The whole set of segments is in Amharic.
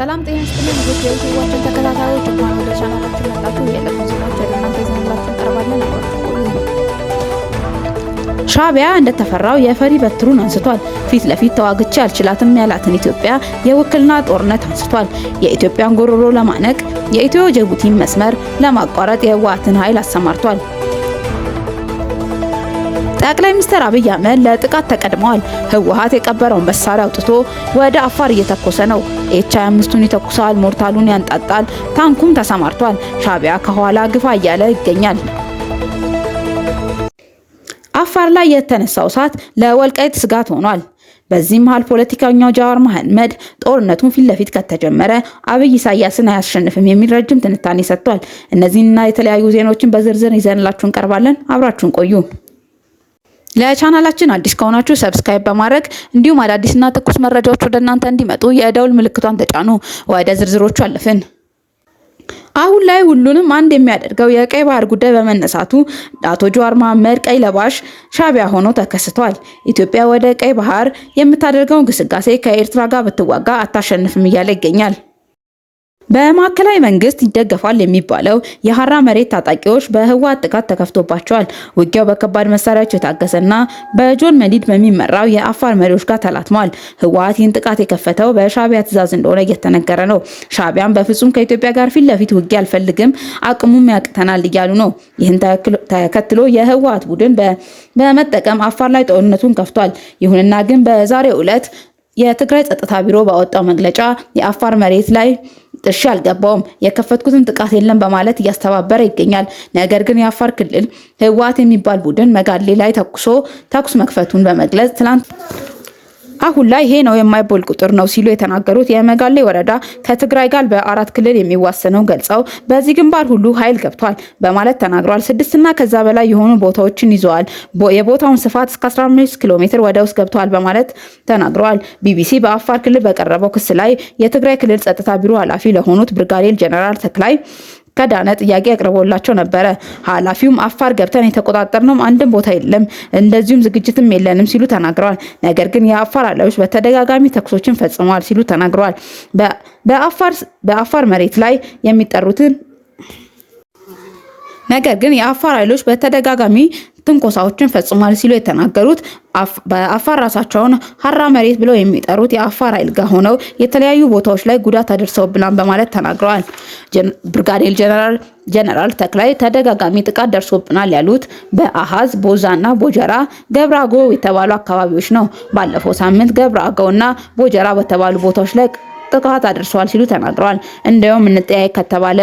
ሰላም ጤና ይስጥልን ውድ የዩቲዩባችን ተከታታዮች እንኳን ወደ ቻናላችን መጣችሁ። የዕለቱን ዜናዎች ወደ እናንተ ይዘንላችሁ እንቀርባለን። ሻዕቢያ እንደተፈራው የፈሪ በትሩን አንስቷል። ፊት ለፊት ተዋግቼ አልችላትም ያላትን ኢትዮጵያ የውክልና ጦርነት አንስቷል። የኢትዮጵያን ጉሮሮ ለማነቅ የኢትዮ ጅቡቲን መስመር ለማቋረጥ የህወሓትን ኃይል አሰማርቷል። ጠቅላይ ሚኒስትር አብይ አህመድ ለጥቃት ተቀድመዋል። ህወሓት የቀበረውን መሳሪያ አውጥቶ ወደ አፋር እየተኮሰ ነው። ኤች አይ አምስቱን ይተኩሳል፣ ሞርታሉን ያንጣጣል፣ ታንኩም ተሰማርቷል። ሻቢያ ከኋላ ግፋ እያለ ይገኛል። አፋር ላይ የተነሳው እሳት ለወልቃይት ስጋት ሆኗል። በዚህ መሃል ፖለቲከኛው ጃዋር መሐመድ ጦርነቱን ፊት ለፊት ከተጀመረ አብይ ኢሳያስን አያሸንፍም የሚል ረጅም ትንታኔ ሰጥቷል። እነዚህና የተለያዩ ዜናዎችን በዝርዝር ይዘንላችሁ እንቀርባለን። አብራችሁን ቆዩ። ለቻናላችን አዲስ ከሆናችሁ ሰብስክራይብ በማድረግ እንዲሁም አዳዲስና ትኩስ መረጃዎች ወደ እናንተ እንዲመጡ የደውል ምልክቷን ተጫኑ። ወደ ዝርዝሮቹ አለፍን። አሁን ላይ ሁሉንም አንድ የሚያደርገው የቀይ ባህር ጉዳይ በመነሳቱ አቶ ጀዋር መሐመድ ቀይ ለባሽ ሻቢያ ሆኖ ተከስቷል። ኢትዮጵያ ወደ ቀይ ባህር የምታደርገውን ግስጋሴ ከኤርትራ ጋር ብትዋጋ አታሸንፍም እያለ ይገኛል። በማዕከላዊ መንግስት ይደገፋል የሚባለው የሀራ መሬት ታጣቂዎች በህወሓት ጥቃት ተከፍቶባቸዋል። ውጊያው በከባድ መሳሪያዎች የታገሰና በጆን መዲድ በሚመራው የአፋር መሪዎች ጋር ተላትሟል። ህወሓት ይህን ጥቃት የከፈተው በሻቢያ ትዕዛዝ እንደሆነ እየተነገረ ነው። ሻቢያን በፍጹም ከኢትዮጵያ ጋር ፊት ለፊት ውጊያ አልፈልግም፣ አቅሙም ያቅተናል እያሉ ነው። ይህን ተከትሎ የህወሓት ቡድን በመጠቀም አፋር ላይ ጦርነቱን ከፍቷል። ይሁንና ግን በዛሬው ዕለት የትግራይ ጸጥታ ቢሮ ባወጣው መግለጫ የአፋር መሬት ላይ ጥርሻ አልገባውም የከፈትኩትን ጥቃት የለም በማለት እያስተባበረ ይገኛል። ነገር ግን የአፋር ክልል ህወሓት የሚባል ቡድን መጋሌ ላይ ተኩሶ ተኩስ መክፈቱን በመግለጽ ትላንት አሁን ላይ ይሄ ነው የማይቦል ቁጥር ነው ሲሉ የተናገሩት የመጋሌ ወረዳ ከትግራይ ጋር በአራት ክልል የሚዋሰነው ገልጸው በዚህ ግንባር ሁሉ ኃይል ገብቷል በማለት ተናግሯል። ስድስትና ከዛ በላይ የሆኑ ቦታዎችን ይዘዋል። የቦታውን ስፋት እስከ 15 ኪሎ ሜትር ወደ ውስጥ ገብተዋል በማለት ተናግረዋል። ቢቢሲ በአፋር ክልል በቀረበው ክስ ላይ የትግራይ ክልል ጸጥታ ቢሮ ኃላፊ ለሆኑት ብርጋዴር ጀነራል ተክላይ ከዳነ ጥያቄ አቅርቦላቸው ነበረ። ኃላፊውም አፋር ገብተን የተቆጣጠርነውም አንድም ቦታ የለም፣ እንደዚሁም ዝግጅትም የለንም ሲሉ ተናግረዋል። ነገር ግን የአፋር አላዮች በተደጋጋሚ ተኩሶችን ፈጽመዋል ሲሉ ተናግረዋል። በአፋር መሬት ላይ የሚጠሩትን ነገር ግን የአፋር ኃይሎች በተደጋጋሚ ትንኮሳዎችን ፈጽሟል ሲሉ የተናገሩት በአፋር ራሳቸውን ሀራ መሬት ብለው የሚጠሩት የአፋር ኃይል ጋር ሆነው የተለያዩ ቦታዎች ላይ ጉዳት አድርሰውብናል በማለት ተናግረዋል። ብርጋዴር ጀነራል ተክላይ ተደጋጋሚ ጥቃት ደርሶብናል ያሉት በአሃዝ ቦዛና ቦጀራ ገብረ አገው የተባሉ አካባቢዎች ነው። ባለፈው ሳምንት ገብረ አገውና ቦጀራ በተባሉ ቦታዎች ላይ ጥቃት አድርሰዋል ሲሉ ተናግረዋል። እንደውም እንጠያየቅ ከተባለ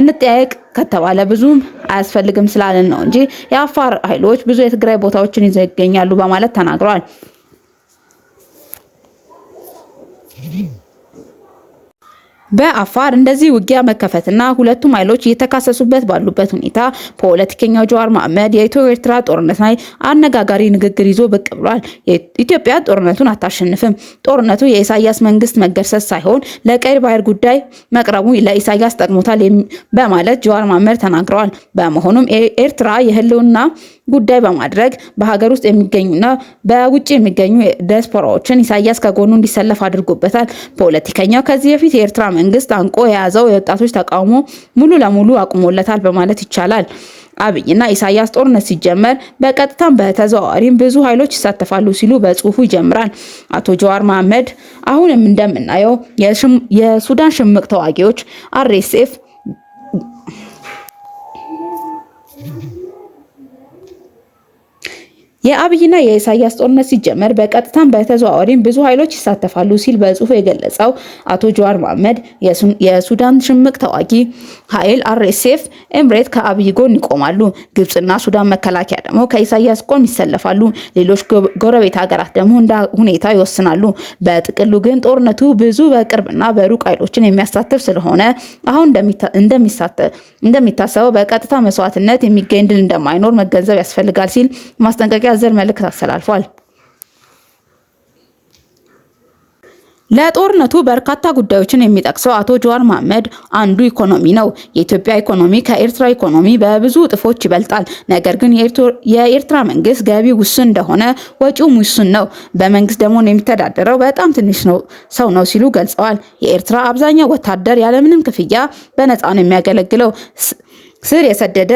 እንጠያየቅ ከተባለ ብዙም አያስፈልግም ስላለን ነው እንጂ የአፋር ኃይሎች ብዙ የትግራይ ቦታዎችን ይዘው ይገኛሉ በማለት ተናግረዋል። በአፋር እንደዚህ ውጊያ መከፈትና ሁለቱም ኃይሎች እየተካሰሱበት ባሉበት ሁኔታ ፖለቲከኛው ጀዋር መሐመድ የኢትዮ ኤርትራ ጦርነት ላይ አነጋጋሪ ንግግር ይዞ ብቅ ብሏል። ኢትዮጵያ ጦርነቱን አታሸንፍም፣ ጦርነቱ የኢሳያስ መንግስት መገርሰስ ሳይሆን ለቀይ ባህር ጉዳይ መቅረቡ ለኢሳያስ ጠቅሞታል በማለት ጀዋር መሐመድ ተናግረዋል። በመሆኑም ኤርትራ የህልውና ጉዳይ በማድረግ በሀገር ውስጥ የሚገኙና በውጭ የሚገኙ ዲያስፖራዎችን ኢሳያስ ከጎኑ እንዲሰለፍ አድርጎበታል። ፖለቲከኛው ከዚህ በፊት የኤርትራ መንግስት አንቆ የያዘው የወጣቶች ተቃውሞ ሙሉ ለሙሉ አቁሞለታል በማለት ይቻላል። አብይና ኢሳያስ ጦርነት ሲጀመር በቀጥታም በተዘዋዋሪም ብዙ ኃይሎች ይሳተፋሉ ሲሉ በጽሁፉ ይጀምራል አቶ ጀዋር መሐመድ። አሁንም እንደምናየው የሱዳን ሽምቅ ተዋጊዎች አርኤስኤፍ የአብይና የኢሳያስ ጦርነት ሲጀመር በቀጥታም በተዘዋዋሪም ብዙ ኃይሎች ይሳተፋሉ ሲል በጽሁፍ የገለጸው አቶ ጀዋር መሐመድ የሱዳን ሽምቅ ተዋጊ ኃይል አርኤስኤፍ ኤምሬት ከአብይ ጎን ይቆማሉ። ግብጽና ሱዳን መከላከያ ደግሞ ከኢሳያስ ጎን ይሰለፋሉ። ሌሎች ጎረቤት ሀገራት ደግሞ እንደ ሁኔታ ይወስናሉ። በጥቅሉ ግን ጦርነቱ ብዙ በቅርብና በሩቅ ኃይሎችን የሚያሳትፍ ስለሆነ አሁን እንደሚታሰበው በቀጥታ መስዋዕትነት የሚገኝ ድል እንደማይኖር መገንዘብ ያስፈልጋል ሲል ማስጠንቀቂያ የሚያዘል መልእክት አስተላልፏል። ለጦርነቱ በርካታ ጉዳዮችን የሚጠቅሰው አቶ ጀዋር መሐመድ አንዱ ኢኮኖሚ ነው። የኢትዮጵያ ኢኮኖሚ ከኤርትራ ኢኮኖሚ በብዙ እጥፎች ይበልጣል። ነገር ግን የኤርትራ መንግስት ገቢ ውስን እንደሆነ ወጪውም ውስን ነው። በመንግስት ደግሞ የሚተዳደረው በጣም ትንሽ ሰው ነው ሲሉ ገልጸዋል። የኤርትራ አብዛኛው ወታደር ያለምንም ክፍያ በነፃ ነው የሚያገለግለው። ስር የሰደደ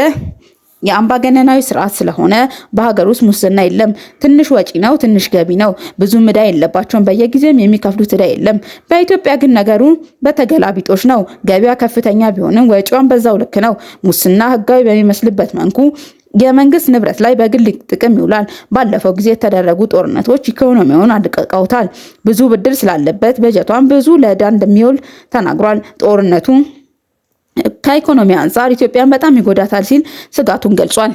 የአምባገነናዊ ስርዓት ስለሆነ በሀገር ውስጥ ሙስና የለም። ትንሽ ወጪ ነው፣ ትንሽ ገቢ ነው። ብዙም ዕዳ የለባቸውም። በየጊዜም የሚከፍሉት ዕዳ የለም። በኢትዮጵያ ግን ነገሩ በተገላቢጦች ነው። ገቢያ ከፍተኛ ቢሆንም ወጪዋን በዛው ልክ ነው። ሙስና ህጋዊ በሚመስልበት መንኩ የመንግስት ንብረት ላይ በግል ጥቅም ይውላል። ባለፈው ጊዜ የተደረጉ ጦርነቶች ኢኮኖሚውን አድቅቀውታል። ብዙ ብድር ስላለበት በጀቷን ብዙ ለዕዳ እንደሚውል ተናግሯል። ጦርነቱ ከኢኮኖሚ አንጻር ኢትዮጵያን በጣም ይጎዳታል ሲል ስጋቱን ገልጿል።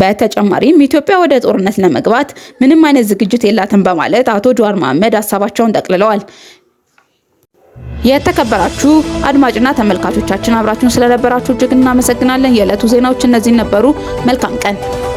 በተጨማሪም ኢትዮጵያ ወደ ጦርነት ለመግባት ምንም አይነት ዝግጅት የላትም በማለት አቶ ጀዋር መሐመድ ሀሳባቸውን ጠቅልለዋል። የተከበራችሁ አድማጭና ተመልካቾቻችን አብራችሁን ስለነበራችሁ እጅግ እናመሰግናለን። የዕለቱ ዜናዎች እነዚህ ነበሩ። መልካም ቀን